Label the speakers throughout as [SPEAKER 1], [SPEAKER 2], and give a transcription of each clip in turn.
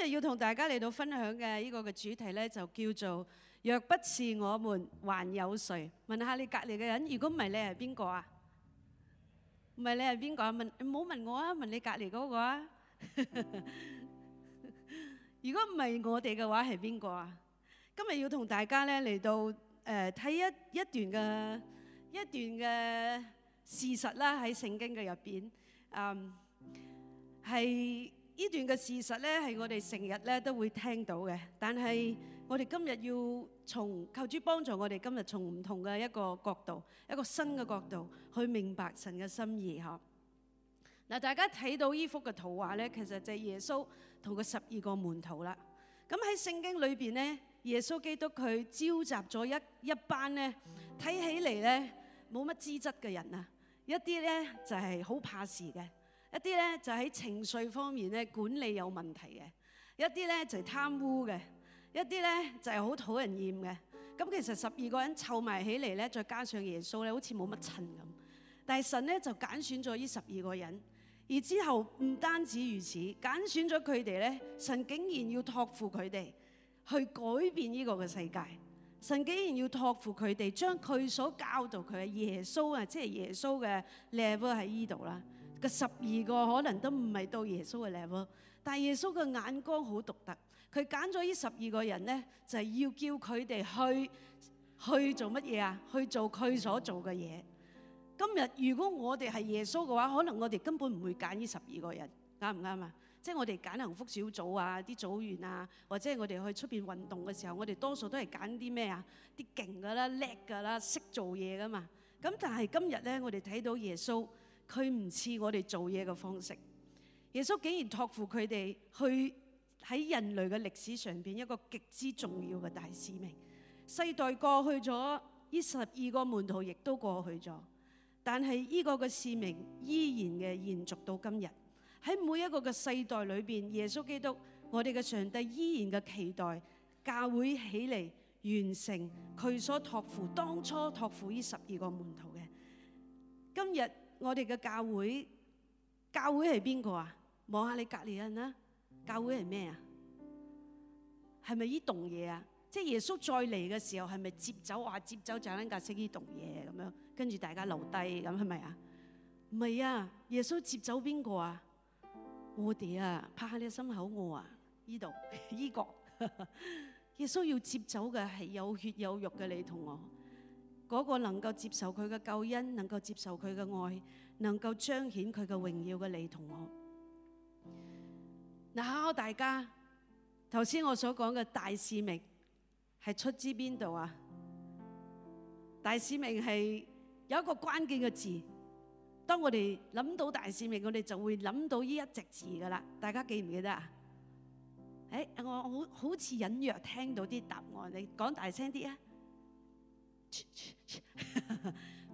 [SPEAKER 1] 今日要同大家嚟到分享嘅呢個嘅主題咧，就叫做若不是我們，還有誰？問下你隔籬嘅人，如果唔係你係邊個啊？唔係你係邊個啊？問，唔好問我啊？問你隔籬嗰個啊？如果唔係我哋嘅話，係邊個啊？今日要同大家咧嚟到誒睇一一段嘅一段嘅事實啦，喺聖經嘅入邊，嗯係。呢段嘅事實咧，係我哋成日咧都會聽到嘅。但係我哋今日要從求主幫助我哋，今日從唔同嘅一個角度、一個新嘅角度去明白神嘅心意呵。嗱，大家睇到呢幅嘅圖畫咧，其實就係耶穌同佢十二個門徒啦。咁喺聖經裏邊咧，耶穌基督佢召集咗一一班咧，睇起嚟咧冇乜資質嘅人啊，一啲咧就係好怕事嘅。一啲咧就喺情緒方面咧管理有問題嘅，一啲咧就係貪污嘅，一啲咧就係好討人厭嘅。咁其實十二個人湊埋起嚟咧，再加上耶穌咧，好似冇乜襯咁。但係神咧就揀選咗呢十二個人，而之後唔單止如此，揀選咗佢哋咧，神竟然要託付佢哋去改變呢個嘅世界。神竟然要託付佢哋，將佢所教導佢嘅耶穌啊，即係耶穌嘅 level 喺呢度啦。個十二個可能都唔係到耶穌嘅 level，但係耶穌嘅眼光好獨特，佢揀咗呢十二個人咧，就係要叫佢哋去去做乜嘢啊？去做佢所做嘅嘢。今日如果我哋係耶穌嘅話，可能我哋根本唔會揀呢十二個人，啱唔啱啊？即係我哋揀幸福小組啊，啲組員啊，或者係我哋去出邊運動嘅時候，我哋多數都係揀啲咩啊？啲勁㗎啦、叻㗎啦、識做嘢㗎嘛。咁但係今日咧，我哋睇到耶穌。佢唔似我哋做嘢嘅方式，耶穌竟然託付佢哋去喺人類嘅歷史上邊一個極之重要嘅大使命。世代過去咗，呢十二個門徒亦都過去咗，但係呢個嘅使命依然嘅延續到今日。喺每一個嘅世代裏邊，耶穌基督，我哋嘅上帝依然嘅期待教會起嚟完成佢所託付當初託付呢十二個門徒嘅今日。我哋嘅教會，教會係邊個啊？望下你隔籬人啊，教會係咩啊？係咪呢棟嘢啊？即係耶穌再嚟嘅時候，係咪接走啊？接走就拎格式呢棟嘢咁樣，跟住大家留低咁係咪啊？唔係啊，耶穌接走邊個啊？我哋啊，拍下你心口我啊，呢度呢個。這個、 耶穌要接走嘅係有血有肉嘅你同我。嗰個能夠接受佢嘅救恩，能夠接受佢嘅愛，能夠彰顯佢嘅榮耀嘅你同我。嗱，考考大家，頭先我所講嘅大使命係出自邊度啊？大使命係有一個關鍵嘅字。當我哋諗到大使命，我哋就會諗到呢一隻字㗎啦。大家記唔記得啊？誒、哎，我好好似隱約聽到啲答案，你講大聲啲啊！去去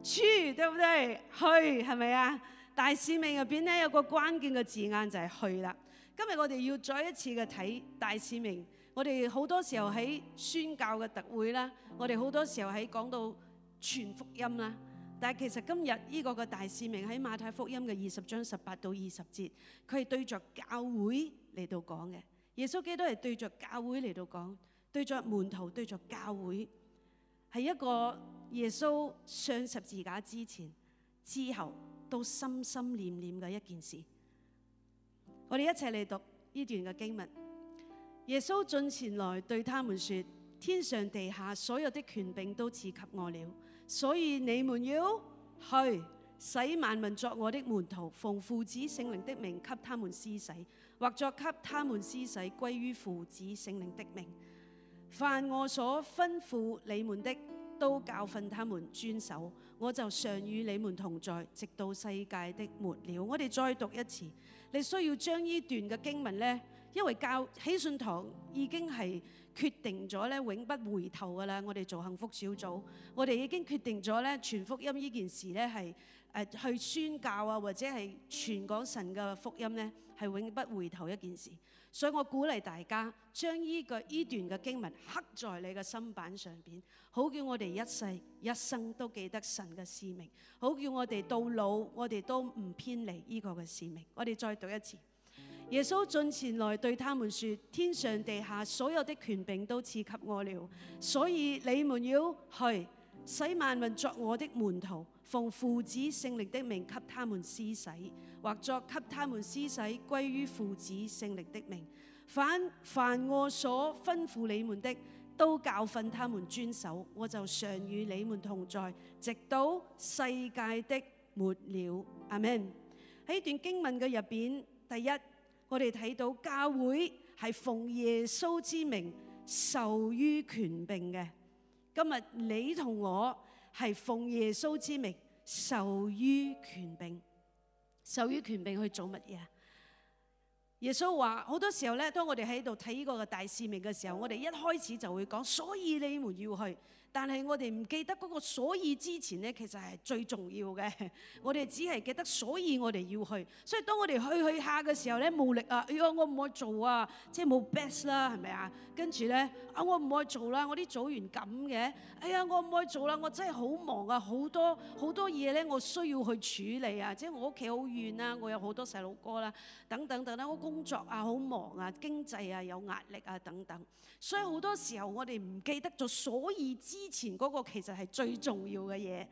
[SPEAKER 1] 去，去對不對？去係咪啊？大使命入邊咧有個關鍵嘅字眼就係、是、去啦。今日我哋要再一次嘅睇大使命，我哋好多時候喺宣教嘅特會啦，我哋好多時候喺講到全福音啦。但係其實今日呢個嘅大使命喺馬太福音嘅二十章十八到二十節，佢係對着教會嚟到講嘅。耶穌基督係對着教會嚟到講，對着門徒，對着教會。係一個耶穌上十字架之前、之後都心心念念嘅一件事。我哋一齊嚟讀呢段嘅經文。耶穌進前來對他們說：天上地下所有的權柄都賜給我了，所以你們要去，使萬民作我的門徒，奉父子聖靈的名給他們施洗，或作給他們施洗歸於父子聖靈的名。凡我所吩咐你們的，都教訓他們遵守，我就常與你們同在，直到世界的末了。我哋再讀一次。你需要將依段嘅經文呢？因為教喜信堂已經係決定咗永不回頭噶啦。我哋做幸福小組，我哋已經決定咗咧，傳福音依件事呢，係、呃、去宣教啊，或者係全港神嘅福音呢，係永不回頭一件事。所以我鼓勵大家將依，這個依段嘅經文刻在你嘅心板上邊，好叫我哋一世一生都記得神嘅使命，好叫我哋到老我哋都唔偏離依個嘅使命。我哋再讀一次，耶穌進前來對他們說：天上地下所有的權柄都賜給我了，所以你們要去，使萬民作我的門徒。奉父子聖靈的名給他們施洗，或作給他們施洗歸於父子聖靈的名。凡凡我所吩咐你們的，都教訓他們遵守。我就常與你們同在，直到世界的末了。阿門。喺段經文嘅入邊，第一，我哋睇到教會係奉耶穌之名受於權柄嘅。今日你同我。係奉耶穌之名，受於權柄，受於權柄去做乜嘢啊？耶穌話：好多時候咧，當我哋喺度睇呢個嘅大使命嘅時候，我哋一開始就會講，所以你們要去。但係我哋唔記得個所以之前咧，其實係最重要嘅。我哋只係記得所以我哋要去。所以當我哋去去下嘅時候咧，冇力啊！哎呀，我唔愛做啊，即係冇 best 啦，係咪啊？跟住咧啊，我唔愛做啦，啊，我啲組員咁嘅。哎呀，我唔愛做啦，啊，我真係好忙啊，好多好多嘢，咧，我需要去處理啊。即係我屋企好遠啊，我有好多細路哥啦，啊，等等等等，我工作啊，好忙啊，經濟啊有壓力啊等等。所以好多時候我哋唔記得咗所以之。之前嗰個其實係最重要嘅嘢，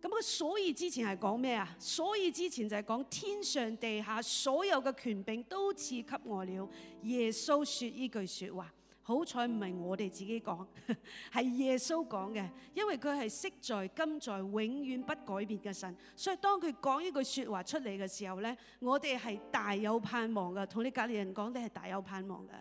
[SPEAKER 1] 咁個所以之前係講咩啊？所以之前就係講天上地下所有嘅權柄都賜給我了。耶穌說呢句說話，好彩唔係我哋自己講，係耶穌講嘅，因為佢係昔在今在永遠不改變嘅神，所以當佢講呢句說話出嚟嘅時候呢，我哋係大有盼望噶，同你隔離人講，都係大有盼望噶。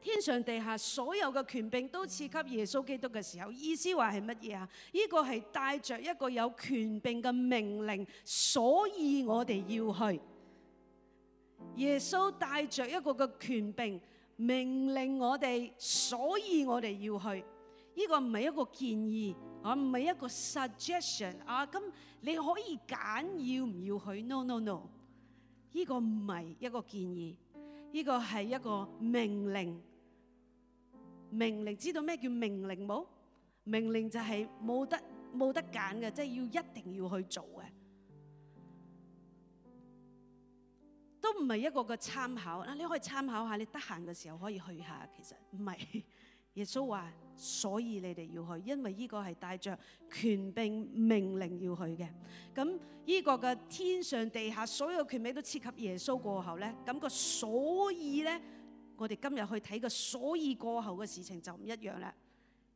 [SPEAKER 1] 天上地下所有嘅權柄都賜給耶穌基督嘅時候，意思話係乜嘢啊？呢個係帶著一個有權柄嘅命令，所以我哋要去。耶穌帶著一個嘅權柄命令我哋，所以我哋要去。呢個唔係一個建議啊，唔係一個 suggestion 啊。咁你可以揀要唔要去？No no no，呢個唔係一個建議。啊，呢個係一個命令，命令，知道咩叫命令冇？命令就係冇得冇得揀嘅，即係要一定要去做嘅，都唔係一個個參考。嗱，你可以參考下，你得閒嘅時候可以去下，其實唔係。耶穌話，所以你哋要去，因為呢個係帶着權柄命，命令要去嘅。咁呢個嘅天上地下所有權柄都賜給耶穌過後呢。咁，個所以呢，我哋今日去睇個所以過後嘅事情就唔一樣啦。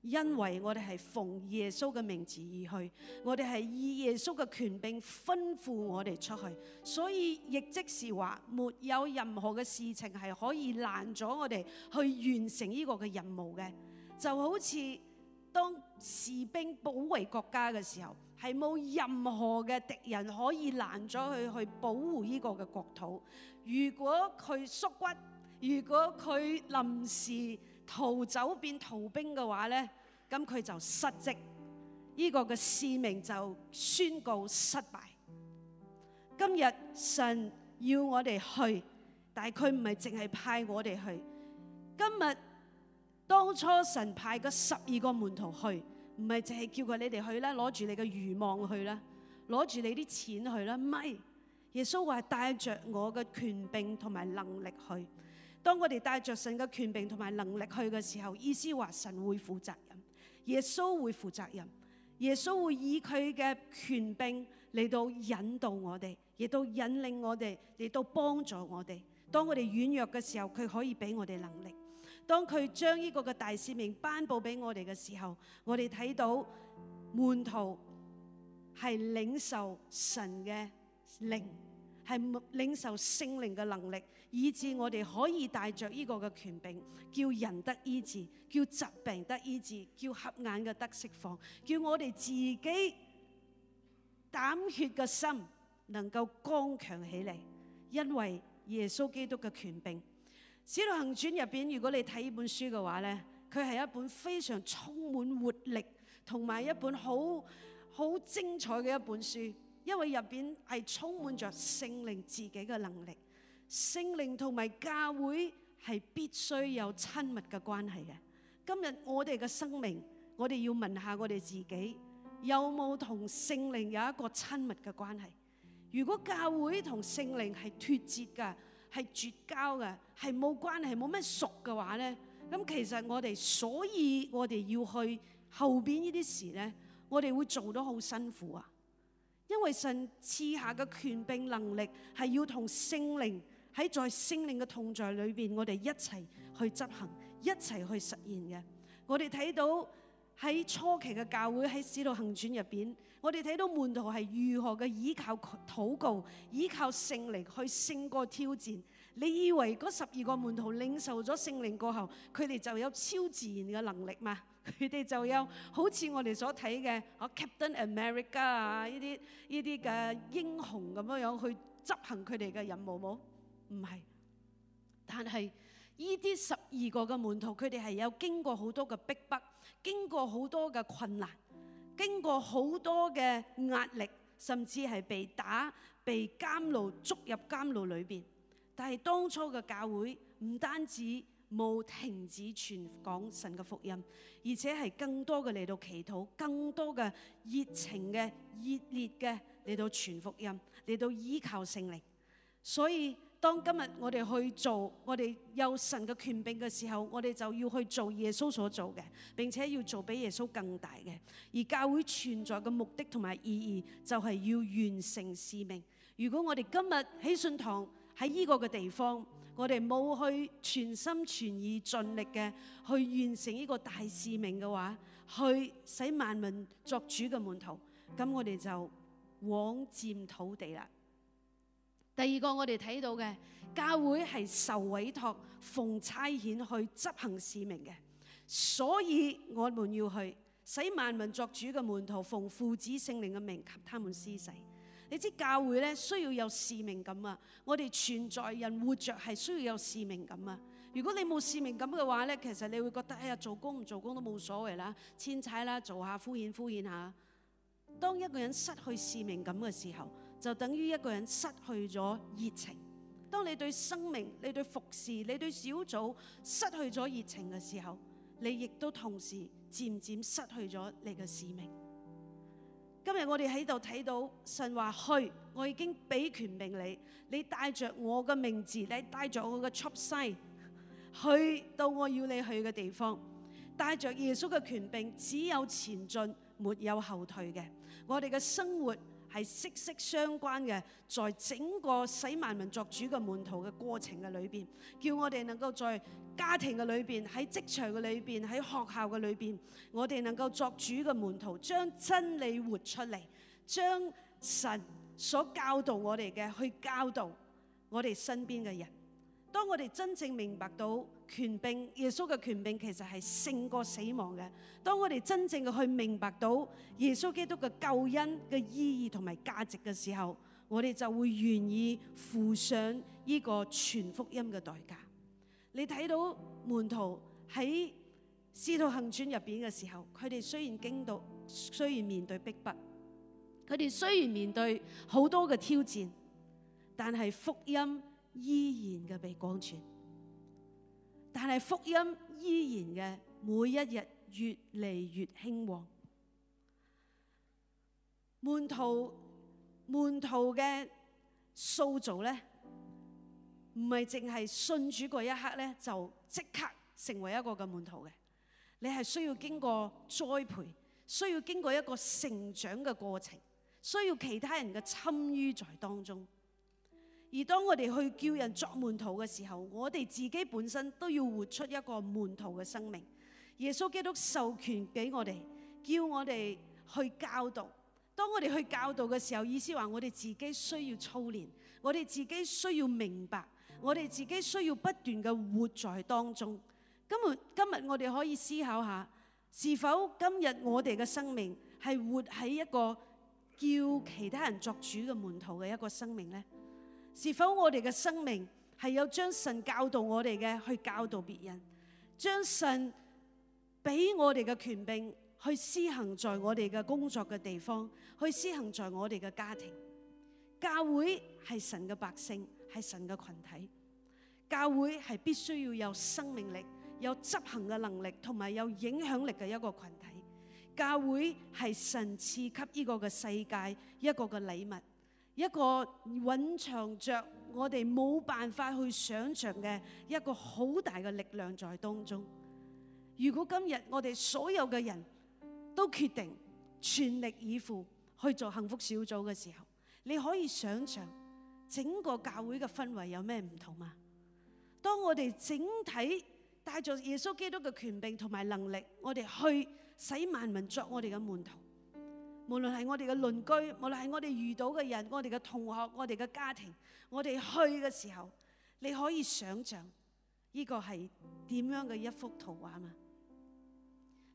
[SPEAKER 1] 因為我哋係奉耶穌嘅名字而去，我哋係以耶穌嘅權柄吩咐我哋出去，所以亦即是話，沒有任何嘅事情係可以攔咗我哋去完成呢個嘅任務嘅。就好似當士兵保衞國家嘅時候，係冇任何嘅敵人可以攔咗佢去保護呢個嘅國土。如果佢縮骨，如果佢臨時，逃走變逃兵嘅話咧，咁佢就失職，呢個嘅使命就宣告失敗。今日神要我哋去，但係佢唔係淨係派我哋去。今日當初神派個十二個門徒去，唔係淨係叫佢，你哋去啦，攞住你嘅魚網去啦，攞住你啲錢去啦，咪，耶穌話帶着我嘅權柄同埋能力去。當我哋帶著神嘅權柄同埋能力去嘅時候，意思話神會負責任，耶穌會負責任，耶穌會以佢嘅權柄嚟到引導我哋，亦都引領我哋，嚟到幫助我哋。當我哋軟弱嘅時候，佢可以俾我哋能力。當佢將呢個嘅大使命頒布俾我哋嘅時候，我哋睇到門徒係領受神嘅靈。係領受聖靈嘅能力，以致我哋可以帶着呢個嘅權柄，叫人得醫治，叫疾病得醫治，叫瞎眼嘅得釋放，叫我哋自己膽血嘅心能夠剛強起嚟。因為耶穌基督嘅權柄，《使徒行傳》入邊，如果你睇呢本書嘅話咧，佢係一本非常充滿活力同埋一本好好精彩嘅一本書。因為入邊係充滿着聖靈自己嘅能力，聖靈同埋教會係必須有親密嘅關係嘅。今日我哋嘅生命，我哋要問下我哋自己，有冇同聖靈有一個親密嘅關係？如果教會同聖靈係脫節嘅，係絕交嘅，係冇關係、冇咩熟嘅話咧，咁其實我哋，所以我哋要去後邊呢啲事咧，我哋會做到好辛苦啊！因為神賜下嘅權柄能力係要同聖靈喺在，在聖靈嘅同在裏面，我哋一齊去執行，一齊去實現嘅。我哋睇到喺初期嘅教會喺使徒行傳入面，我哋睇到門徒係如何嘅依靠禱告，依靠聖靈去勝過挑戰。你以為嗰十二個門徒領受咗聖靈過後，佢哋就有超自然嘅能力嘛？佢哋就有好似我哋所睇嘅啊 Captain America 啊呢啲呢啲嘅英雄咁樣樣去執行佢哋嘅任務冇？唔係，但係呢啲十二個嘅門徒，佢哋係有經過好多嘅逼迫，經過好多嘅困難，經過好多嘅壓力，甚至係被打、被監牢捉入監牢裏邊。但係當初嘅教會唔單止冇停止傳講神嘅福音，而且係更多嘅嚟到祈禱，更多嘅熱情嘅熱烈嘅嚟到傳福音，嚟到依靠聖靈。所以當今日我哋去做，我哋有神嘅權柄嘅時候，我哋就要去做耶穌所做嘅，並且要做比耶穌更大嘅。而教會存在嘅目的同埋意義就係要完成使命。如果我哋今日喺信堂，喺呢個嘅地方，我哋冇去全心全意盡力嘅去完成呢個大使命嘅話，去使萬民作主嘅門徒，咁我哋就枉佔土地啦。第二個我哋睇到嘅教會係受委託奉差遣去執行使命嘅，所以我們要去使萬民作主嘅門徒，奉父子聖靈嘅名給他們施洗。你知教會咧需要有使命感啊！我哋存在人活着係需要有使命感啊！如果你冇使命感嘅話咧，其實你會覺得哎呀，做工唔做工都冇所謂啦，千踩啦，做下敷衍敷衍下。當一個人失去使命感嘅時候，就等於一個人失去咗熱情。當你對生命、你對服侍、你對小組失去咗熱情嘅時候，你亦都同時漸漸失去咗你嘅使命。今日我哋喺度睇到神話去，我已經俾權柄你，你帶着我嘅名字，你帶着我嘅出息，去到我要你去嘅地方，帶着耶穌嘅權柄，只有前進，沒有後退嘅。我哋嘅生活。係息息相關嘅，在整個使萬民作主嘅門徒嘅過程嘅裏邊，叫我哋能夠在家庭嘅裏邊、喺職場嘅裏邊、喺學校嘅裏邊，我哋能夠作主嘅門徒，將真理活出嚟，將神所教導我哋嘅去教導我哋身邊嘅人。當我哋真正明白到。權柄，耶穌嘅權柄其實係勝過死亡嘅。當我哋真正嘅去明白到耶穌基督嘅救恩嘅意義同埋價值嘅時候，我哋就會願意付上呢個傳福音嘅代價。你睇到門徒喺使徒行傳入邊嘅時候，佢哋雖然驚到，雖然面對逼迫，佢哋雖然面對好多嘅挑戰，但係福音依然嘅被廣傳。但係福音依然嘅每一日越嚟越興旺。門徒，門徒嘅塑造咧，唔係淨係信主嗰一刻咧就即刻成為一個嘅門徒嘅，你係需要經過栽培，需要經過一個成長嘅過程，需要其他人嘅參與在當中。而當我哋去叫人作門徒嘅時候，我哋自己本身都要活出一個門徒嘅生命。耶穌基督授權俾我哋，叫我哋去教導。當我哋去教導嘅時候，意思話我哋自己需要操練，我哋自己需要明白，我哋自己需要不斷嘅活在當中。今日我哋可以思考下，是否今日我哋嘅生命係活喺一個叫其他人作主嘅門徒嘅一個生命呢？是否我哋嘅生命係有將神教導我哋嘅去教導別人，將神俾我哋嘅權柄去施行在我哋嘅工作嘅地方，去施行在我哋嘅家庭？教會係神嘅百姓，係神嘅群體。教會係必須要有生命力、有執行嘅能力，同埋有影響力嘅一個群體。教會係神賜給呢個嘅世界一個嘅禮物。一個蘊藏着我哋冇辦法去想象嘅一個好大嘅力量在當中。如果今日我哋所有嘅人都決定全力以赴去做幸福小組嘅時候，你可以想像整個教會嘅氛圍有咩唔同啊？當我哋整體帶著耶穌基督嘅權柄同埋能力，我哋去使萬民作我哋嘅門徒。無論係我哋嘅鄰居，無論係我哋遇到嘅人，我哋嘅同學，我哋嘅家庭，我哋去嘅時候，你可以想象呢個係點樣嘅一幅圖畫嘛？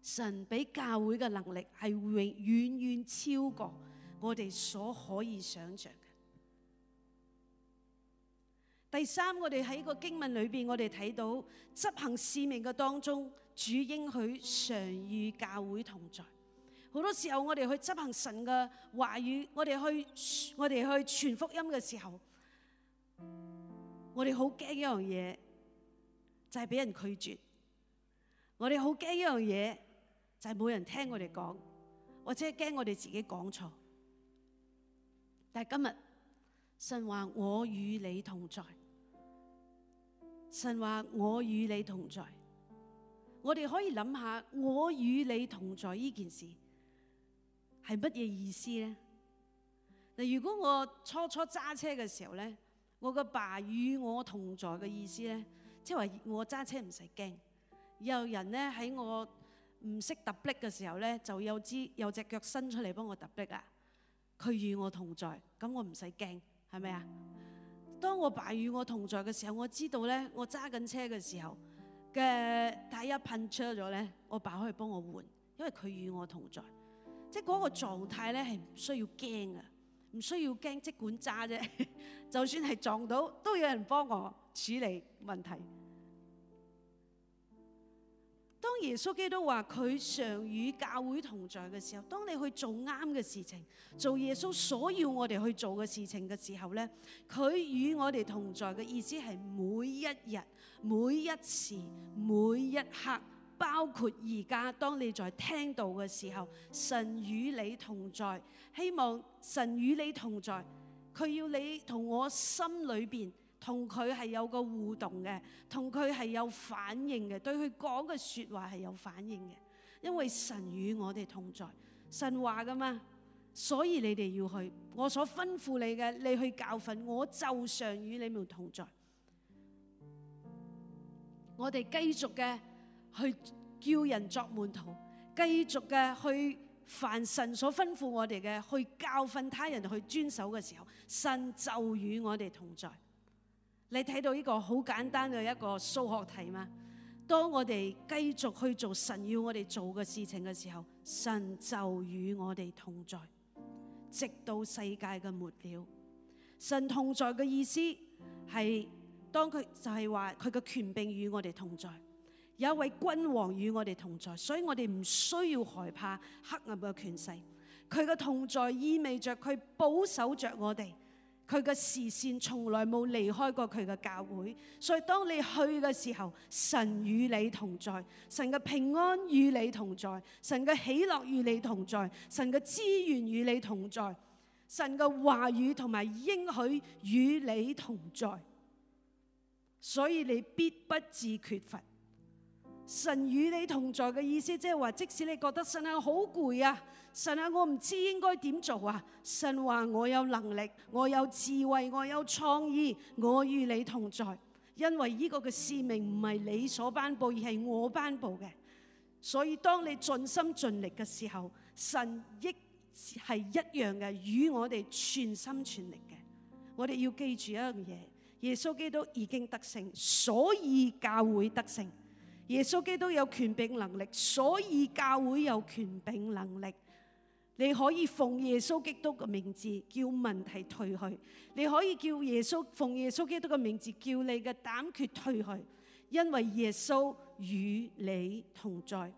[SPEAKER 1] 神俾教會嘅能力係永遠遠超過我哋所可以想象嘅。第三，我哋喺個經文裏邊，我哋睇到執行使命嘅當中，主應許常與教會同在。好多時候，我哋去執行神嘅話語，我哋去我哋去傳福音嘅時候，我哋好驚一樣嘢，就係俾人拒絕；我哋好驚一樣嘢，就係冇人聽我哋講，或者係驚我哋自己講錯。但係今日神話我與你同在，神話我與你同在，我哋可以諗下我與你同在呢件事。係乜嘢意思咧？嗱，如果我初初揸車嘅時候咧，我個爸與我同在嘅意思咧，即係話我揸車唔使驚，有人咧喺我唔識踏逼嘅時候咧，就有支有隻腳伸出嚟幫我踏逼啊！佢與我同在，咁我唔使驚，係咪啊？當我爸與我同在嘅時候，我知道咧，我揸緊車嘅時候嘅第一噴車咗咧，我爸爸可以幫我換，因為佢與我同在。即係嗰個狀態咧，係唔需要驚嘅，唔需要驚，即管揸啫。 就算係撞到，都有人幫我處理問題。當耶穌基督話佢常與教會同在嘅時候，當你去做啱嘅事情，做耶穌所要我哋去做嘅事情嘅時候咧，佢與我哋同在嘅意思係每一日、每一時、每一刻。包括而家，當你在聽道嘅時候，神與你同在。希望神與你同在，佢要你同我心裏面同佢係有個互動嘅，同佢係有反應嘅，對佢講嘅說話係有反應嘅。因為神與我哋同在，神話噶嘛，所以你哋要去我所吩咐你嘅，你去教訓，我就常與你們同在。我哋繼續嘅。去叫人作門徒，繼續嘅去凡神所吩咐我哋嘅，去教訓他人去遵守嘅時候，神就與我哋同在。你睇到呢個好簡單嘅一個數學題嘛？當我哋繼續去做神要我哋做嘅事情嘅時候，神就與我哋同在，直到世界嘅末了。神同在嘅意思係，當佢就係話佢嘅權柄與我哋同在。有一位君王與我哋同在，所以我哋唔需要害怕黑暗嘅權勢。佢嘅同在意味着佢保守着我哋，佢嘅視線從來冇離開過佢嘅教會。所以當你去嘅時候，神與你同在，神嘅平安與你同在，神嘅喜樂與你同在，神嘅資源與你同在，神嘅話語同埋應許與你同在。所以你必不致缺乏。神與你同在嘅意思，即係話，即使你覺得神啊好攰啊，神啊我唔知應該點做啊，神話我有能力，我有智慧，我有創意，我與你同在，因為呢個嘅使命唔係你所頒布，而係我頒布嘅。所以當你盡心盡力嘅時候，神亦係一樣嘅，與我哋全心全力嘅。我哋要記住一樣嘢，耶穌基督已經得勝，所以教會得勝。耶穌基督有權柄能力，所以教會有權柄能力。你可以奉耶穌基督嘅名字叫問題退去，你可以叫耶穌，奉耶穌基督嘅名字叫你嘅膽怯退去，因為耶穌與你同在。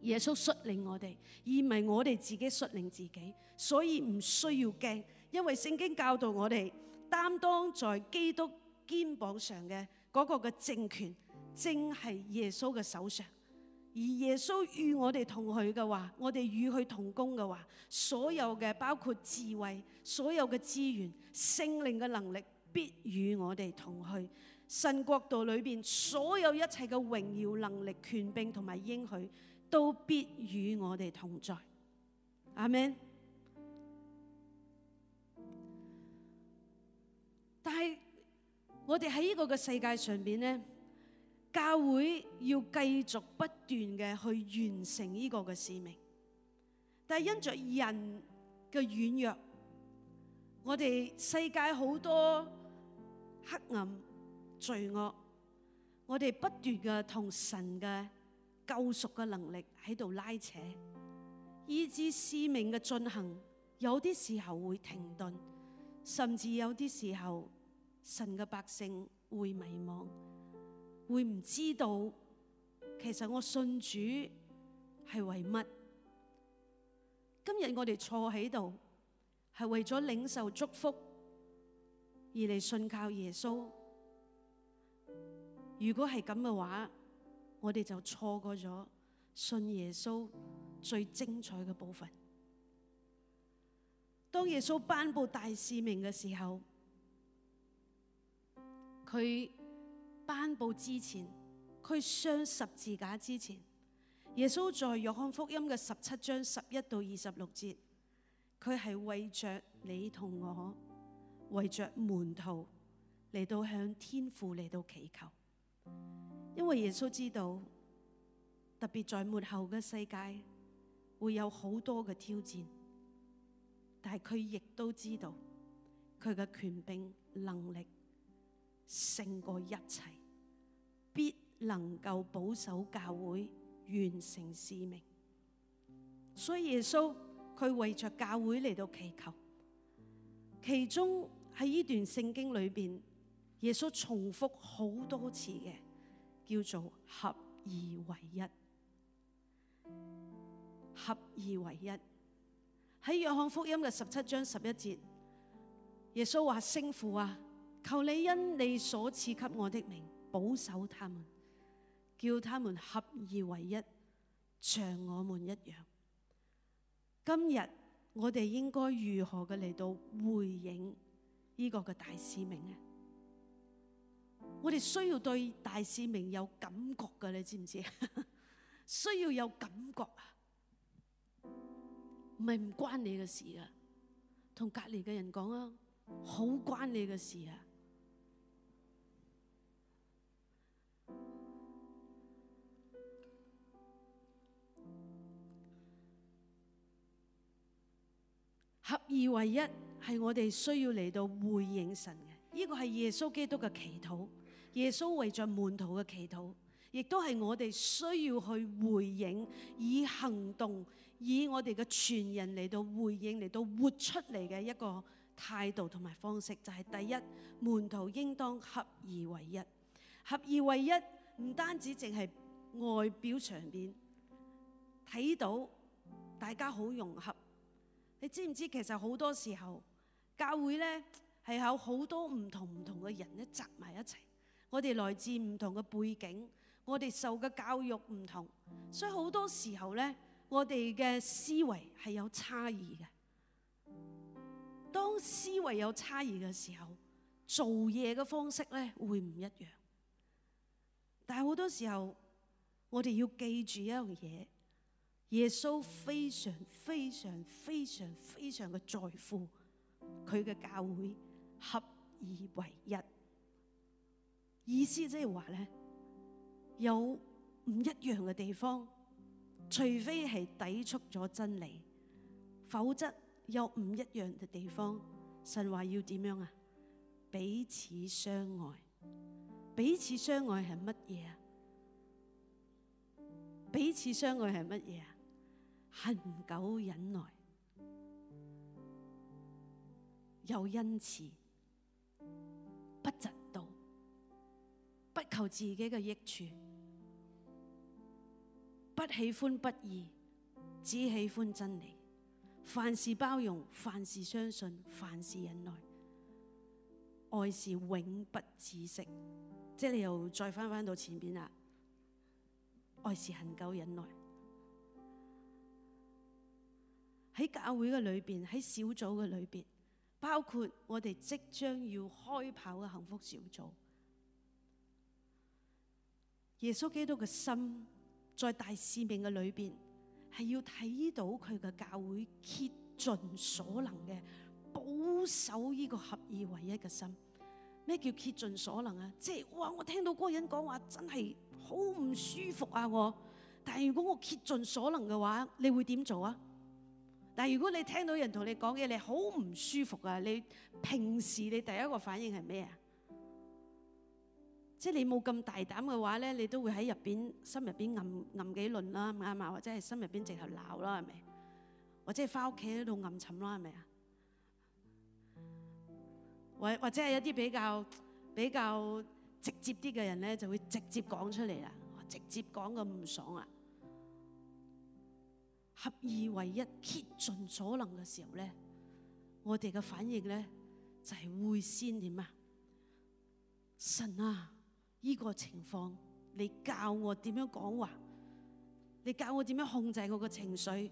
[SPEAKER 1] 耶穌率領我哋，而唔係我哋自己率領自己，所以唔需要驚，因為聖經教導我哋擔當在基督肩膀上嘅嗰個嘅政權，正係耶穌嘅手上，而耶穌與我哋同去嘅話，我哋與佢同工嘅話，所有嘅包括智慧、所有嘅資源、聖靈嘅能力，必與我哋同去。神國度裏邊所有一切嘅榮耀、能力、權柄同埋應許，都必與我哋同在。阿們。但係我哋喺呢個嘅世界上面呢。教會要繼續不斷嘅去完成呢個嘅使命，但係因着人嘅軟弱，我哋世界好多黑暗罪惡，我哋不斷嘅同神嘅救贖嘅能力喺度拉扯，以致使命嘅進行有啲時候會停頓，甚至有啲時候神嘅百姓會迷茫。會唔知道，其實我信主係為乜？今日我哋坐喺度，係為咗領受祝福而嚟信靠耶穌。如果係咁嘅話，我哋就錯過咗信耶穌最精彩嘅部分。當耶穌頒布大使命嘅時候，佢。頒布之前，佢上十字架之前，耶穌在約翰福音嘅十七章十一到二十六節，佢係為着你同我，為着門徒嚟，到向天父嚟到祈求，因為耶穌知道，特別在末後嘅世界會有好多嘅挑戰，但係佢亦都知道，佢嘅權柄能力，勝過一切，必能夠保守教會完成使命。所以耶穌佢為着教會嚟到祈求，其中喺呢段聖經裏面，耶穌重複好多次嘅叫做合二為一。合二為一喺約翰福音嘅十七章十一節，耶穌話：聖父啊！求你因你所賜給我的名保守他們，叫他們合而為一，像我們一樣。今日我哋應該如何嘅嚟到回應呢個嘅大使命啊？我哋需要對大使命有感覺嘅，你知唔知？ 需要有感覺啊！唔係唔關你嘅事啊，同隔籬嘅人講啊，好關你嘅事啊！合二為一係我哋需要嚟到回應神嘅，呢個係耶穌基督嘅祈禱，耶穌為着門徒嘅祈禱，亦都係我哋需要去回應，以行動，以我哋嘅全人嚟到回應，嚟到活出嚟嘅一個態度同埋方式，就係第一，門徒應當合二為一。合二為一唔單止淨係外表上面，睇到大家好融合。你知唔知？其實好多時候，教會咧係有好多唔同唔同嘅人咧集埋一齊。我哋來自唔同嘅背景，我哋受嘅教育唔同，所以好多時候咧，我哋嘅思維係有差異嘅。當思維有差異嘅時候，做嘢嘅方式咧會唔一樣。但係好多時候，我哋要記住一樣嘢。耶穌非常非常非常非常嘅在乎佢嘅教會合而為一，意思即係話咧有唔一樣嘅地方，除非係抵觸咗真理，否則有唔一樣嘅地方。神話要點樣啊？彼此相愛，彼此相愛係乜嘢啊？彼此相愛係乜嘢啊？恒久忍耐，又恩慈，不嫉妒，不求自己嘅益處，不喜歡不義，只喜歡真理。凡事包容，凡事相信，凡事忍耐，愛是永不止息。即係你又再翻翻到前邊啦，愛是恒久忍耐。喺教會嘅裏邊，喺小組嘅裏邊，包括我哋即將要開跑嘅幸福小組，耶穌基督嘅心在大使命嘅裏邊，係要睇到佢嘅教會竭盡所能嘅保守呢個合而為一嘅心。咩叫竭盡所能啊？即係哇！我聽到嗰個人講話，真係好唔舒服啊我！但係如果我竭盡所能嘅話，你會點做啊？但如果你聽到人同你講嘢，你好唔舒服啊！你平時你第一個反應係咩啊？即係你冇咁大膽嘅話咧，你都會喺入邊心入邊暗暗幾輪啦，啱嘛？或者係心入邊直頭鬧啦，係咪？或者係返屋企喺度暗沉啦，係咪啊？或或者係一啲比較比較直接啲嘅人咧，就會直接講出嚟啦，直接講咁唔爽啊！合二為一，竭盡所能嘅時候咧，我哋嘅反應咧就係會先點啊？神啊，依個情況，你教我點樣講話？你教我點樣控制我嘅情緒？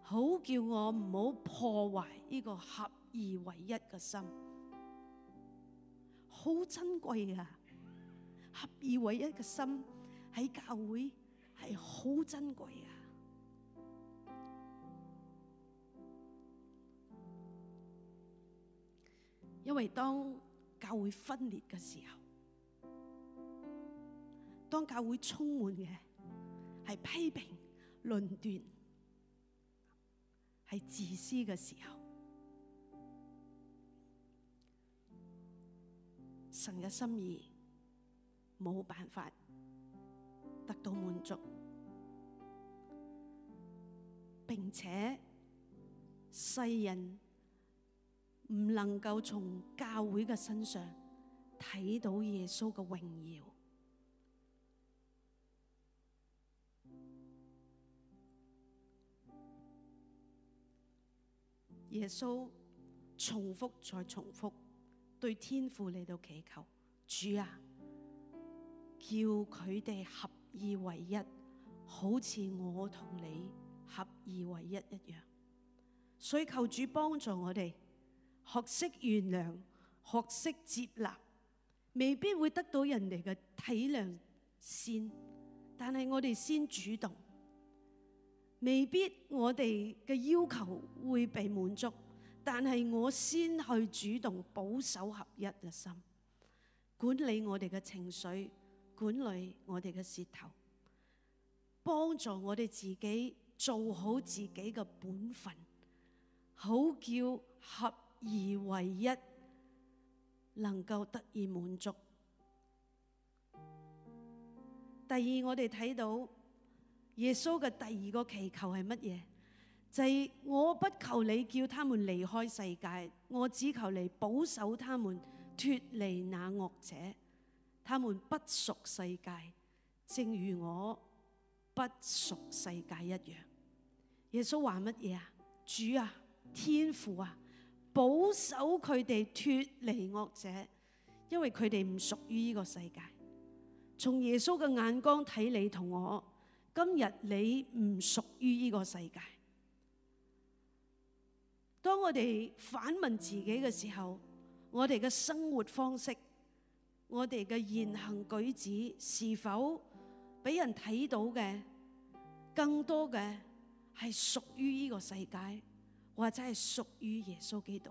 [SPEAKER 1] 好叫我唔好破壞呢個合二為一嘅心，好珍貴啊！合二為一嘅心喺教會係好珍貴啊！因為當教會分裂嘅時候，當教會充滿嘅係批評、論斷、係自私嘅時候，神嘅心意冇辦法得到滿足，並且世人，唔能夠從教會嘅身上睇到耶穌嘅榮耀。耶穌重複再重複對天父嚟到祈求：主啊，叫佢哋合二為一，好似我同你合二為一一樣。所以求主幫助我哋。學識原諒，學識接納，未必會得到人哋嘅體諒先。但係我哋先主動；未必我哋嘅要求會被滿足，但係我先去主動保守合一嘅心，管理我哋嘅情緒，管理我哋嘅舌頭，幫助我哋自己做好自己嘅本分，好叫合。而唯一能夠得以滿足。第二，我哋睇到耶穌嘅第二個祈求係乜嘢？就係我不求你叫他們離開世界，我只求你保守他們脫離那惡者，他們不屬世界，正如我不屬世界一樣。耶穌話乜嘢啊？主啊，天父啊！保守佢哋脫離惡者，因為佢哋唔屬於呢個世界。從耶穌嘅眼光睇你同我，今日你唔屬於呢個世界。當我哋反問自己嘅時候，我哋嘅生活方式、我哋嘅言行舉止，是否俾人睇到嘅更多嘅係屬於呢個世界？或者係屬於耶穌基督。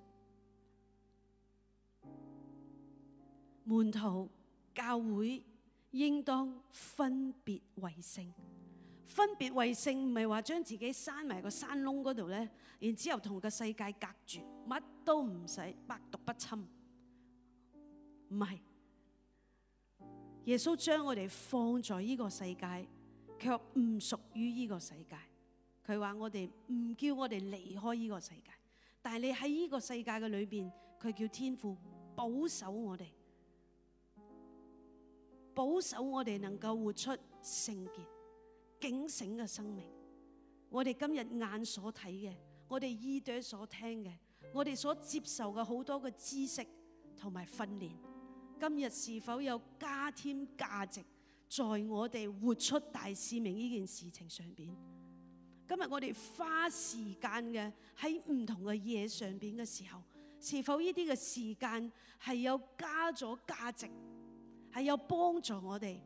[SPEAKER 1] 門徒教會應當分別為聖。分別為聖唔係話將自己閂埋個山窿嗰度咧，然之後同個世界隔絕，乜都唔使百毒不侵。唔係，耶穌將我哋放在呢個世界，卻唔屬於呢個世界。佢話我哋唔叫我哋離開呢個世界，但係你喺呢個世界嘅裏邊，佢叫天父保守我哋，保守我哋能夠活出聖潔、警醒嘅生命。我哋今日眼所睇嘅，我哋耳朵所聽嘅，我哋所接受嘅好多嘅知識同埋訓練，今日是否有加添價值，在我哋活出大使命呢件事情上邊？今日我哋花時間嘅喺唔同嘅嘢上邊嘅時候，是否呢啲嘅時間係有加咗價值，係有幫助我哋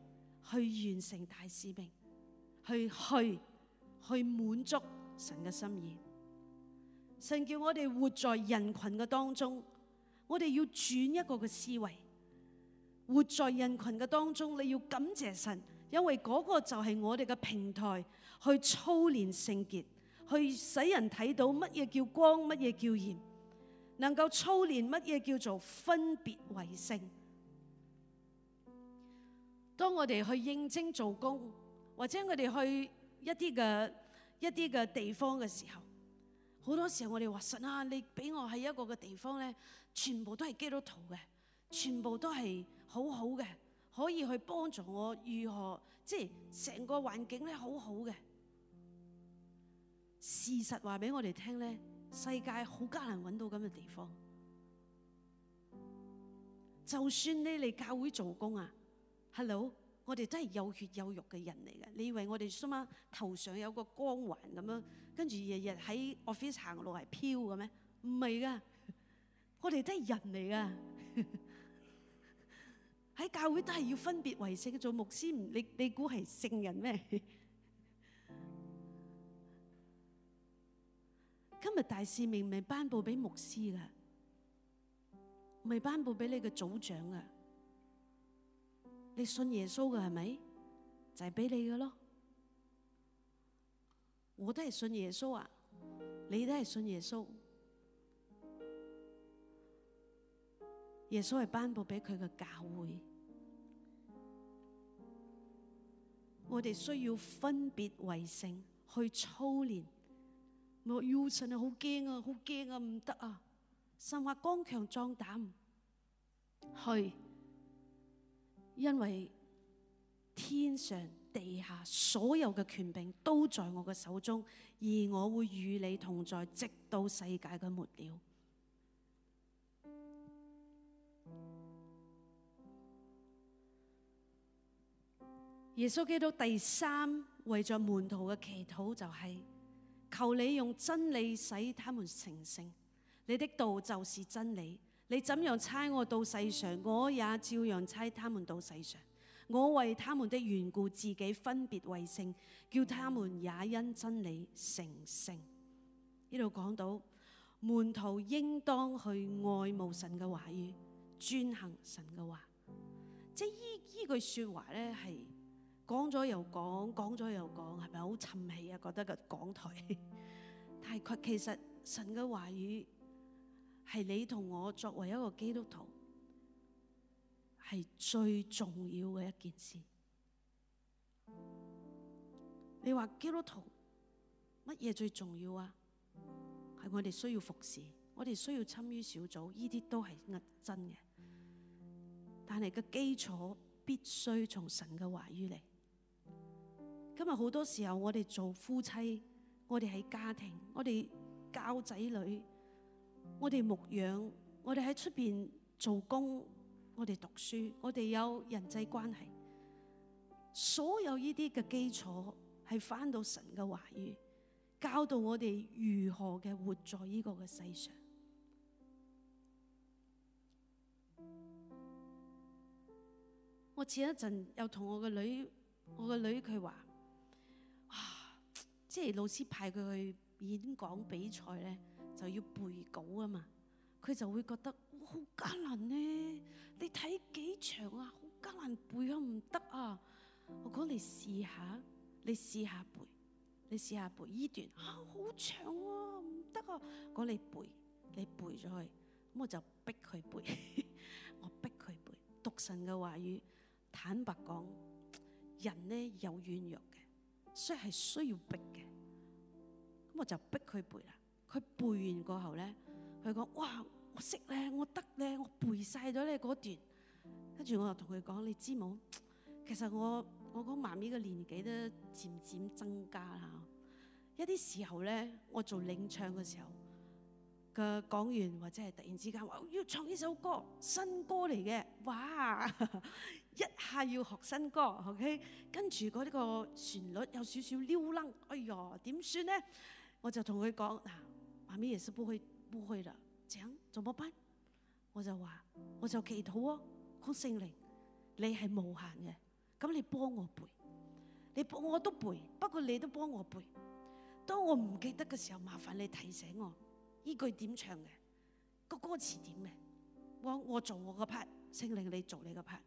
[SPEAKER 1] 去完成大使命，去去去滿足神嘅心意。神叫我哋活在人群嘅當中，我哋要轉一個嘅思維，活在人群嘅當中，你要感謝神。因為嗰個就係我哋嘅平台，去操練聖潔，去使人睇到乜嘢叫光，乜嘢叫鹽，能夠操練乜嘢叫做分別為聖。當我哋去應徵做工，或者我哋去一啲嘅一啲嘅地方嘅時候，好多時候我哋話神啊，你俾我喺一個嘅地方咧，全部都係基督徒嘅，全部都係好好嘅。可以去幫助我如何，即係成個環境咧，好好嘅。事實話俾我哋聽咧，世界好艱難揾到咁嘅地方。就算你嚟教會做工啊，Hello，我哋都係有血有肉嘅人嚟嘅。你以為我哋 so 咩頭上有個光環咁樣，跟住日日喺 office 行路係飄嘅咩？唔係㗎，我哋都係人嚟㗎。 喺教會都係要分別為聖做牧師，你你估係聖人咩？ 今日大使命唔係頒布俾牧師噶咪係頒布俾你個組長噶你信耶穌噶係咪？就係、是、俾你噶咯。我都係信耶穌啊，你都係信耶穌。耶穌係頒布俾佢嘅教會，我哋需要分別為聖去操練我。我要神啊，好驚啊，好驚啊，唔得啊，神話剛強壯膽去，因為天上地下所有嘅權柄都在我嘅手中，而我會與你同在，直到世界嘅末了。耶穌基督第三為着門徒嘅祈禱就係、是，求你用真理使他們成聖，你的道就是真理，你怎樣差我到世上，我也照樣差。他們到世上。我為他們的緣故自己分別為聖，叫他們也因真理成聖。呢度講到門徒應當去愛慕神嘅話語，遵行神嘅話。即係依依句說話咧係。講咗又講，講咗又講，係咪好沉氣啊？覺得個講台， 但係其實神嘅話語係你同我作為一個基督徒係最重要嘅一件事。你話基督徒乜嘢最重要啊？係我哋需要服侍，我哋需要參與小組，呢啲都係真嘅。但係個基礎必須從神嘅話語嚟。今日好多時候，我哋做夫妻，我哋喺家庭，我哋教仔女，我哋牧養，我哋喺出邊做工，我哋讀書，我哋有人際關係，所有呢啲嘅基礎係返到神嘅話語，教導我哋如何嘅活在呢個嘅世上。我前一陣又同我個女，我個女佢話。即係老師派佢去演講比賽咧，就要背稿啊嘛，佢就會覺得好艱難咧、啊，你睇幾長啊，好艱難背啊唔得啊！我講你試下，你試下背，你試下背呢段啊好長喎、啊，唔得啊！我講你背，你背咗去，咁我就逼佢背， 我逼佢背，讀神嘅話語，坦白講，人呢，有軟弱。所以係需要逼嘅，咁我就逼佢背啦。佢背完過後咧，佢講：哇，我識咧，我得咧，我背晒咗咧嗰段。跟住我就同佢講：你知冇？其實我我講媽咪嘅年紀都漸漸增加啦，一啲時候咧，我做領唱嘅時候。佢講完，或者係突然之間話要唱呢首歌，新歌嚟嘅，哇！ 一下要學新歌，OK？跟住嗰呢個旋律有少少溜楞，哎呦，點算呢？我就同佢講：嗱，媽咪，耶穌背去背去啦，請做乜班。我就話：我就祈禱哦、啊，講聖靈，你係無限嘅，咁你幫我背，你幫我都背，不過你都幫我背。當我唔記得嘅時候，麻煩你提醒我。依句點唱嘅？個歌詞點嘅？我我做我個 part，聖靈你做你個 part，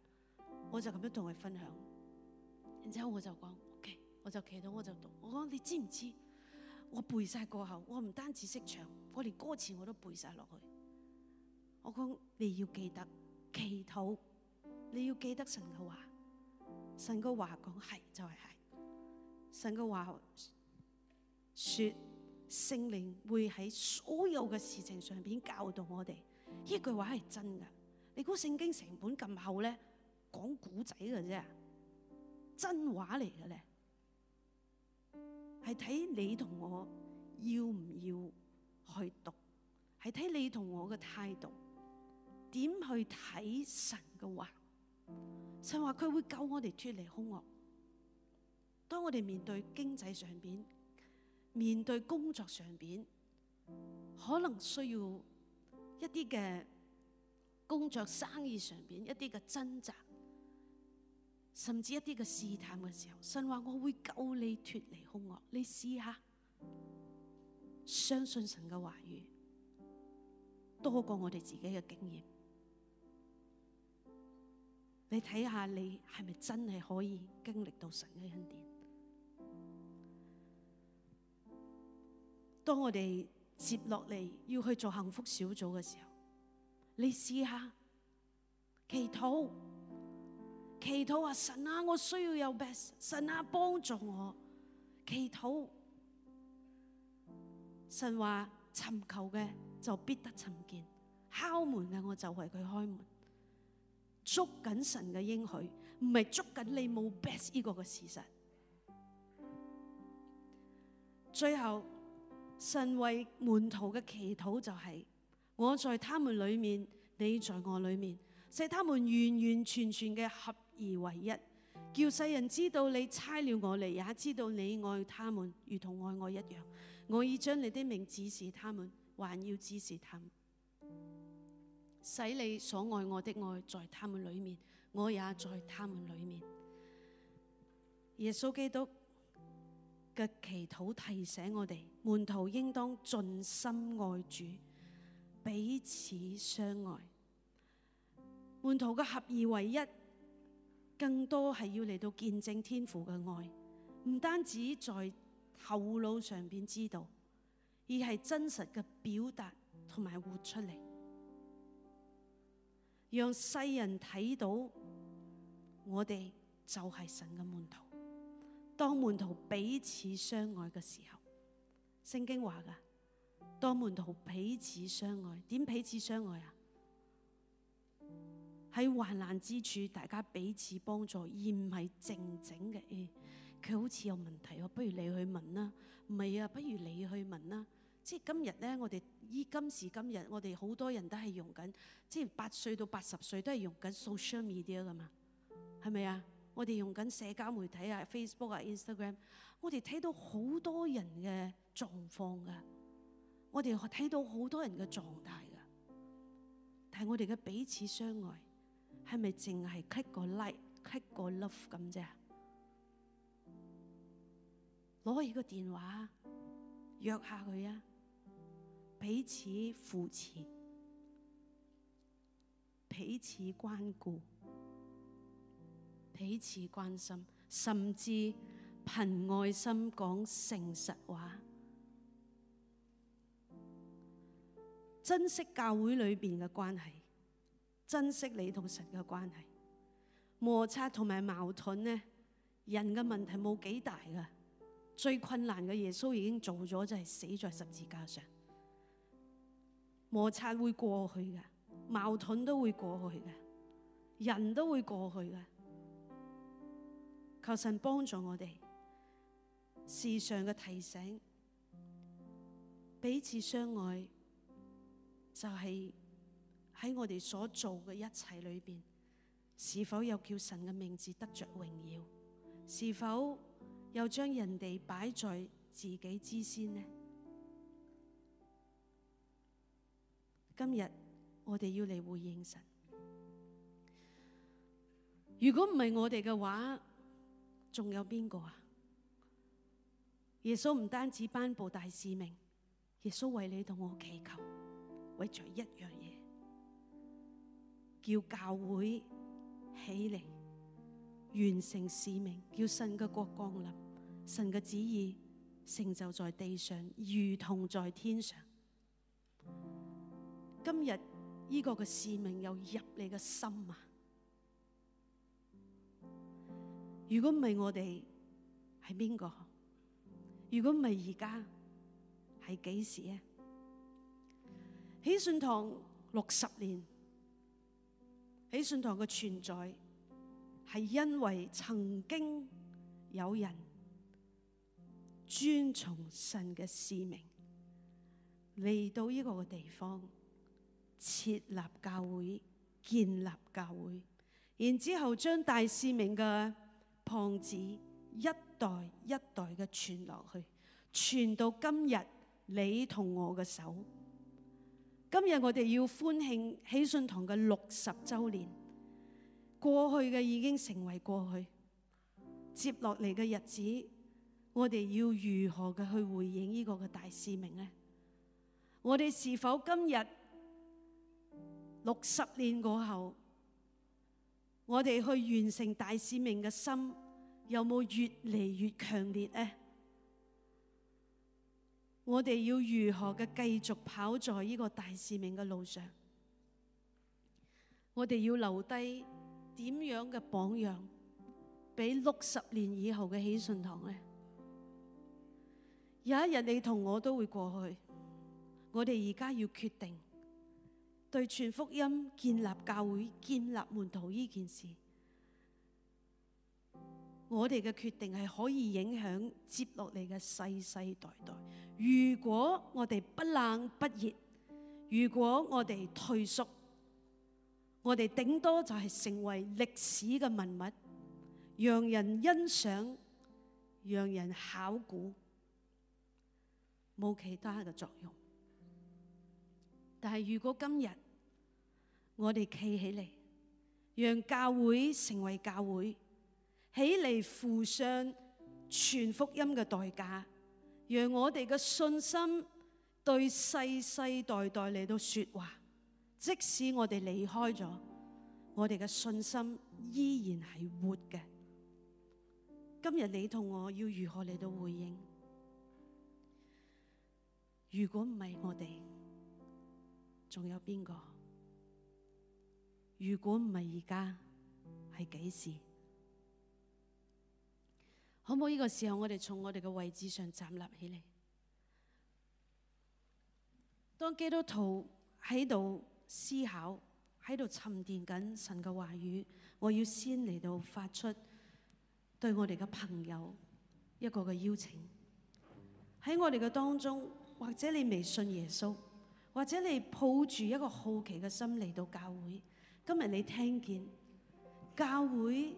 [SPEAKER 1] 我就咁樣同佢分享。然之後我就講，OK，我就祈禱，我就讀。我講你知唔知？我背晒過後，我唔單止識唱，我連歌詞我都背晒落去。我講你要記得祈禱，你要記得神嘅話。神嘅話講係就係、是、係，神嘅話説。說聖靈會喺所有嘅事情上邊教導我哋，呢句話係真嘅。你估聖經成本咁厚咧，講古仔嘅啫？真話嚟嘅咧？係睇你同我要唔要去讀，係睇你同我嘅態度，點去睇神嘅話，神話佢會救我哋脫離凶惡。當我哋面對經濟上邊。面對工作上邊，可能需要一啲嘅工作生意上邊一啲嘅掙扎，甚至一啲嘅試探嘅時候，神話我會救你脫離凶惡，你試下相信神嘅話語，多過我哋自己嘅經驗。你睇下你係咪真係可以經歷到神嘅恩典？當我哋接落嚟要去做幸福小組嘅時候，你試下祈禱，祈禱啊！神啊，我需要有 best，神啊，幫助我。祈禱，神話尋求嘅就必得尋見，敲門嘅我就為佢開門。捉緊神嘅應許，唔係捉緊你冇 best 呢個嘅事實。最後。神為門徒嘅祈禱就係：我在他們裏面，你在我裏面，使他們完完全全嘅合而為一，叫世人知道你差了我嚟，也知道你愛他們，如同愛我一樣。我已將你的名指示他們，還要指示他們，使你所愛我的愛在他們裏面，我也在他們裏面。耶穌基督嘅祈禱提醒我哋，門徒應當盡心愛主，彼此相愛。門徒嘅合而為一，更多係要嚟到見證天父嘅愛，唔單止在頭腦上邊知道，而係真實嘅表達同埋活出嚟，讓世人睇到我哋就係神嘅門徒。當門徒彼此相愛嘅時候，聖經話噶，當門徒彼此相愛，點彼此相愛啊？喺患難之處，大家彼此幫助，而唔係靜靜嘅。佢、欸、好似有問題，不如你去問啦。唔係啊，不如你去問啦。即係今日咧，我哋依今時今日，我哋好多人都係用緊，即係八歲到八十歲都係用緊 social media 噶嘛，係咪啊？我哋用緊社交媒體啊，Facebook 啊，Instagram，我哋睇到好多人嘅狀況噶，我哋睇到好多人嘅狀態噶，但係我哋嘅彼此相愛係咪淨係 click 個 like，click 個 love 咁啫？攞起個電話約下佢啊，彼此扶持，彼此關顧。彼此關心，甚至憑愛心講誠實話，珍惜教會裏邊嘅關係，珍惜你同神嘅關係。摩擦同埋矛盾呢，人嘅問題冇幾大㗎。最困難嘅，耶穌已經做咗，就係死在十字架上。摩擦會過去嘅，矛盾都會過去嘅，人都會過去嘅。求神幫助我哋時常嘅提醒，彼此相愛就係喺我哋所做嘅一切裏邊，是否又叫神嘅名字得着榮耀？是否又將人哋擺在自己之先呢？今日我哋要嚟回應神。如果唔係我哋嘅話，仲有邊個啊？耶穌唔單止頒布大使命，耶穌為你同我祈求，為著一樣嘢，叫教會起嚟完成使命，叫神嘅國降臨，神嘅旨意成就在地上，如同在天上。今日呢個嘅使命又入你嘅心啊！如果唔係我哋係邊個？如果唔係而家係幾時咧？喜信堂六十年，喜信堂嘅存在係因為曾經有人遵從神嘅使命嚟到呢個嘅地方，設立教會、建立教會，然之後將大使命嘅。胖子，一代一代嘅，傳落去，傳到今日你同我嘅手。今日我哋要歡慶喜信堂嘅六十周年。過去嘅已經成為過去，接落嚟嘅日子，我哋要如何嘅去回應呢個嘅大使命咧？我哋是否今日六十年過後？我哋去完成大使命嘅心有冇越嚟越強烈咧？我哋要如何嘅繼續跑在呢個大使命嘅路上？我哋要留低點樣嘅榜樣俾六十年以後嘅喜信堂咧？有一日你同我都會過去，我哋而家要決定。對傳福音、建立教會、建立門徒呢件事，我哋嘅決定係可以影響接落嚟嘅世世代代。如果我哋不冷不熱，如果我哋退縮，我哋頂多就係成為歷史嘅文物，讓人欣賞、讓人考古，冇其他嘅作用。但係如果今日我哋企起嚟，讓教會成為教會，起嚟付上全福音嘅代價，讓我哋嘅信心對世世代代嚟到說話。即使我哋離開咗，我哋嘅信心依然係活嘅。今日你同我要如何嚟到回應？如果唔係我哋。仲有邊個？如果唔係而家，係幾時？可唔可以？呢個時候，我哋從我哋嘅位置上站立起嚟。當基督徒喺度思考，喺度沉澱緊神嘅話語，我要先嚟到發出對我哋嘅朋友一個嘅邀請。喺我哋嘅當中，或者你未信耶穌。或者你抱住一個好奇嘅心嚟到教會，今日你聽見教會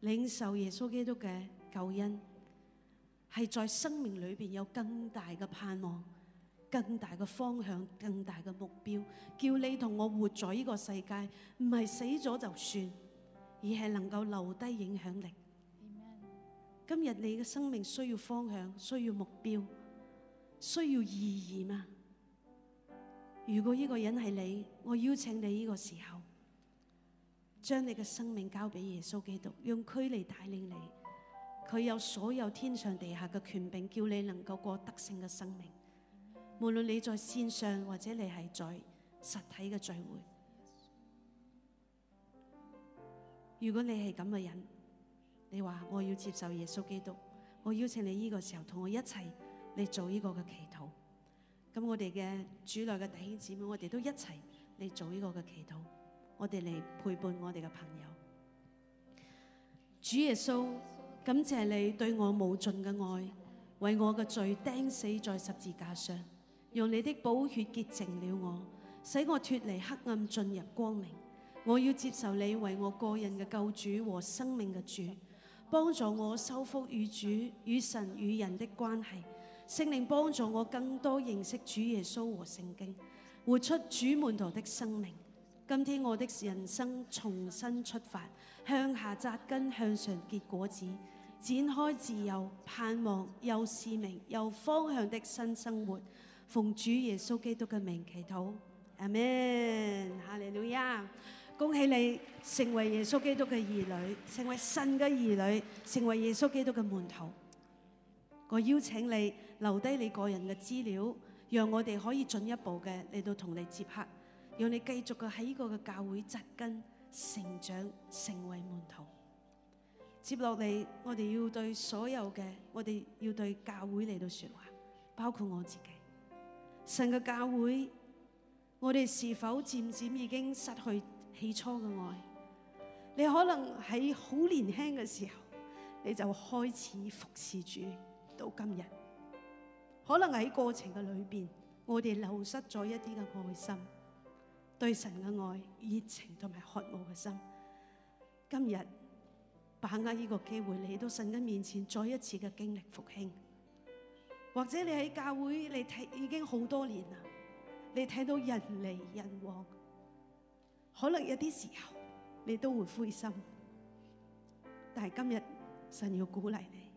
[SPEAKER 1] 領受耶穌基督嘅救恩，係在生命裏邊有更大嘅盼望、更大嘅方向、更大嘅目標，叫你同我活在呢個世界，唔係死咗就算，而係能夠留低影響力。Amen. 今日你嘅生命需要方向，需要目標，需要意義咩？如果呢個人係你，我邀請你呢個時候，將你嘅生命交俾耶穌基督，用佢嚟帶領你。佢有所有天上地下嘅權柄，叫你能夠過得勝嘅生命。無論你在線上或者你係在實體嘅聚會，如果你係咁嘅人，你話我要接受耶穌基督，我邀請你呢個時候同我一齊嚟做呢個嘅祈禱。咁我哋嘅主內嘅弟兄姊妹，我哋都一齊嚟做呢個嘅祈禱，我哋嚟陪伴我哋嘅朋友。主耶穌，感謝你對我無盡嘅愛，為我嘅罪釘死在十字架上，用你的寶血潔淨了我，使我脱離黑暗進入光明。我要接受你為我個人嘅救主和生命嘅主，幫助我修復與主、與神、與人的關係。聖靈幫助我更多認識主耶穌和聖經，活出主門徒的生命。今天我的人生重新出發，向下紮根，向上結果子，展開自由、盼望、有使命、有方向的新生活。奉主耶穌基督嘅名祈禱，阿門。哈利路亞！恭喜你成為耶穌基督嘅兒女，成為神嘅兒女，成為耶穌基督嘅門徒。我邀請你留低你個人嘅資料，讓我哋可以進一步嘅嚟到，同你接洽，讓你繼續嘅喺呢個嘅教會扎根成長，成為門徒。接落嚟，我哋要對所有嘅，我哋要對教會嚟到說話，包括我自己。神嘅教會，我哋是否漸漸已經失去起初嘅愛？你可能喺好年輕嘅時候，你就開始服侍主。到今日，可能喺過程嘅裏邊，我哋流失咗一啲嘅愛心，對神嘅愛、熱情同埋渴慕嘅心。今日把握呢個機會嚟到神嘅面前，再一次嘅經歷復興。或者你喺教會你睇已經好多年啦，你睇到人嚟人往，可能有啲時候你都會灰心，但係今日神要鼓勵你。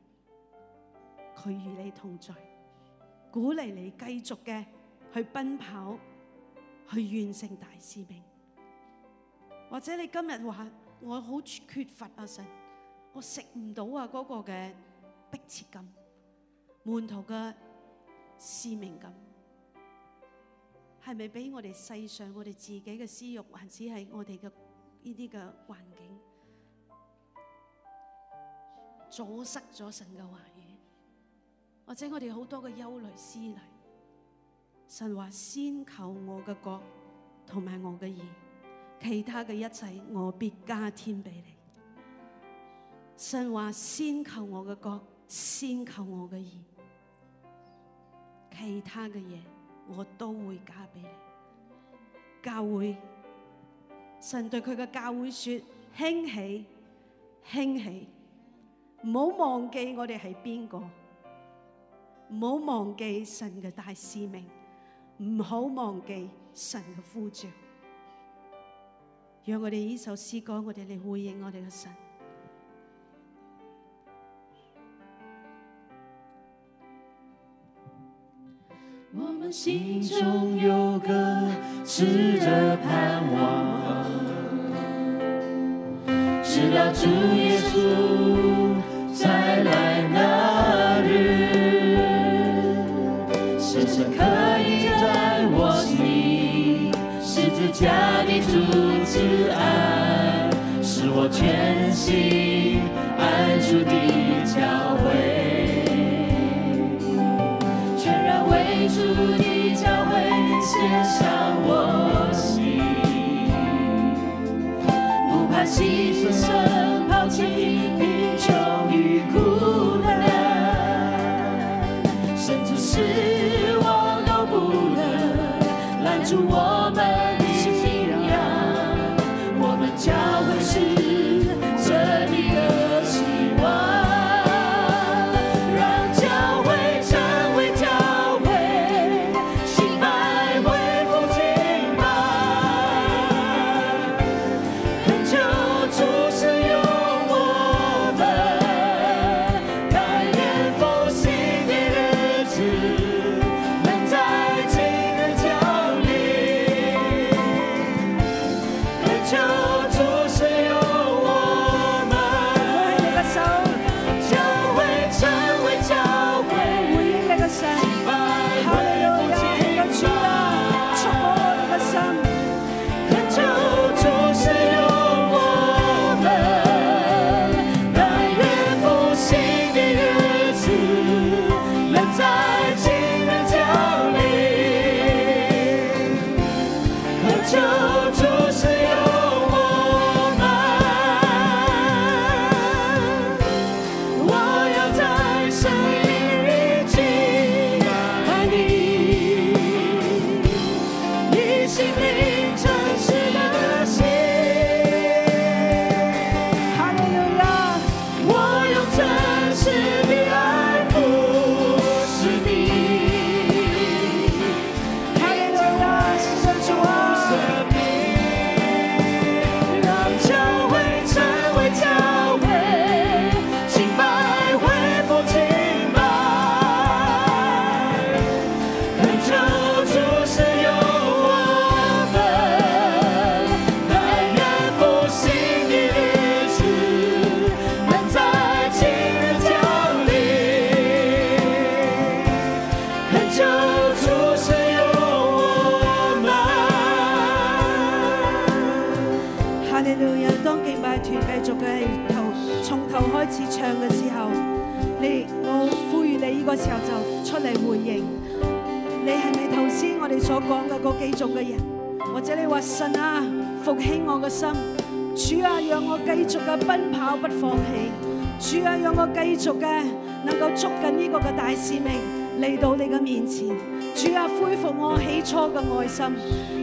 [SPEAKER 1] 佢與你同在，鼓勵你繼續嘅去奔跑，去完成大使命。或者你今日話我好缺乏啊，神，我食唔到啊嗰個嘅迫切感，門徒嘅使命感，係咪俾我哋世上我哋自己嘅私欲，還只係我哋嘅呢啲嘅環境阻塞咗神嘅話？或者我哋好多嘅憂慮、思慮，神話先求我嘅國同埋我嘅義，其他嘅一切我必加添俾你。神話先求我嘅國，先求我嘅義，其他嘅嘢我都會加俾你。教會，神對佢嘅教會說：興起，興起，唔好忘記我哋係邊個。唔好忘記神嘅大使命，唔好忘記神嘅呼召，讓我哋呢首詩歌，我哋嚟回應我哋嘅神。我們
[SPEAKER 2] 心中有個
[SPEAKER 1] 熾熱盼望，
[SPEAKER 2] 直到主耶穌加的主之愛，是我全心愛主的教會，全然為主的教會寫上我心，不怕犧牲，拋棄貧窮與苦難，甚至失我，都不能攔住我們。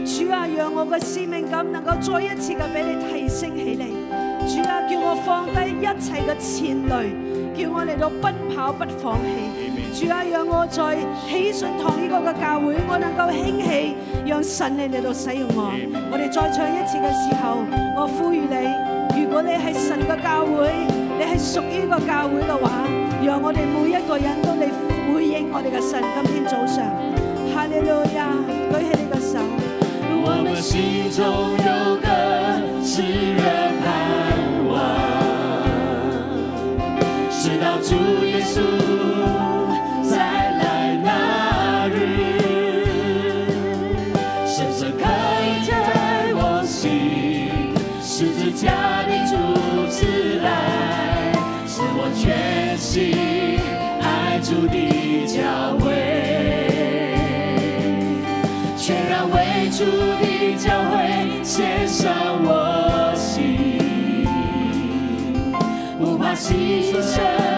[SPEAKER 1] 主啊，讓我嘅使命感能夠再一次嘅俾你提升起嚟。主啊，叫我放低一切嘅前慮，叫我嚟到奔跑不放棄。主啊，讓我在喜信堂呢個嘅教會，我能夠興起，讓神你嚟到使用我。啊、我哋再唱一次嘅時候，我呼籲你：如果你係神嘅教會，你係屬於個教會嘅話，讓我哋每一個人都嚟回應我哋嘅神。今天早上，哈利路亞，舉起你個手。
[SPEAKER 2] 我們心中有個詩人。主的教誨寫上我心，不怕犧牲。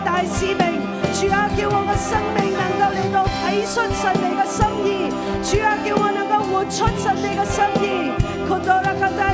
[SPEAKER 2] 大使命，主啊，叫我嘅生命能夠嚟到體恤神你嘅心意，主啊，叫我能夠活出神你嘅心意，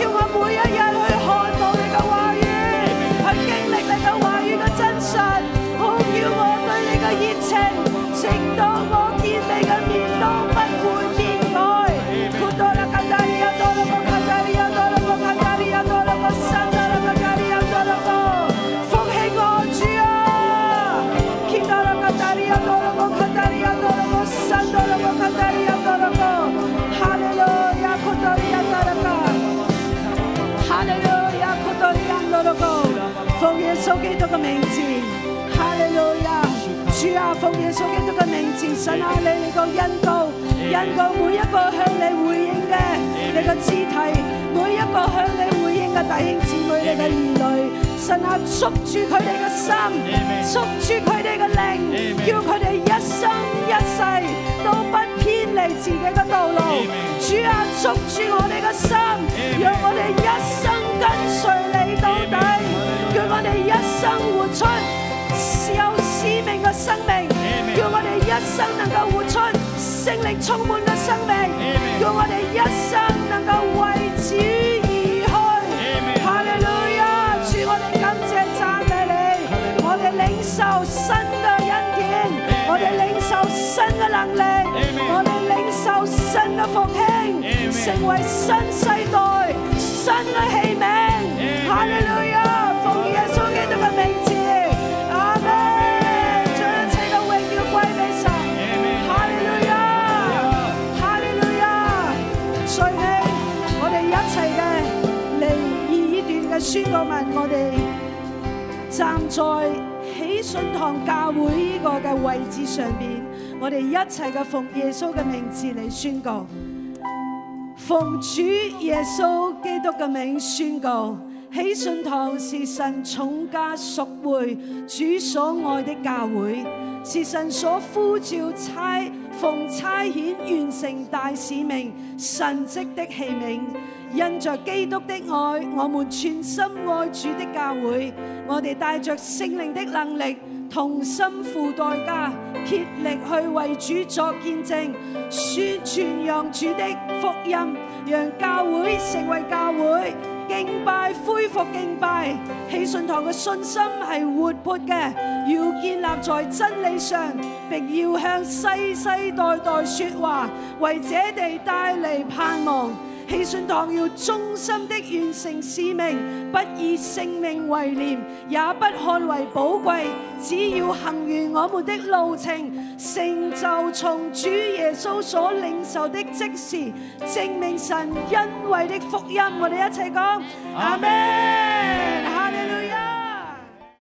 [SPEAKER 2] 奉耶穌基督嘅名字，神啊！你你個恩報，恩報每一個向你回應嘅你個肢體，每一個向你回應嘅弟兄姊妹，你嘅兒女，神啊！捉住佢哋嘅心，捉住佢哋嘅靈，叫佢哋一生一世都不偏離自己嘅道路。主啊！捉住我哋嘅心，讓我哋一生跟隨你到底，叫我哋一生活出有使命嘅生命。一生能夠活出勝利充滿嘅生命，用 Amen. 我哋一生能夠為主而去。哈利路亞！主，我哋感謝讚美你，Amen. 我哋領受新嘅恩典，Amen. 我哋領受新嘅能力，Amen. 我哋領受新嘅復興，Amen. 成為新世代、新嘅器皿。哈利路亞！
[SPEAKER 1] 宣告文，我哋站在喜信堂教會呢個嘅位置上邊，我哋一齊嘅奉耶穌嘅名字嚟宣告，奉主耶穌基督嘅名宣告，喜信堂是神重價贖回主所愛的教會，是神所呼召差奉差遣完成大使命神蹟的器皿。因着基督的愛，我們全心愛主的教會。我哋帶着聖靈的能力，同心付代價、竭力去為主作見證、宣傳，讓主的福音，讓教會成為教會，敬拜恢復敬拜。喜信堂嘅信心係活潑嘅，要建立在真理上，並要向世世代代說話，為這地帶嚟盼望。祈信堂要忠心的完成使命，不以性命為念，也不看為寶貴，只要行完我們的路程，成就從主耶穌所領受的即時證明神恩惠的福音。我哋一齊講，阿
[SPEAKER 2] 門。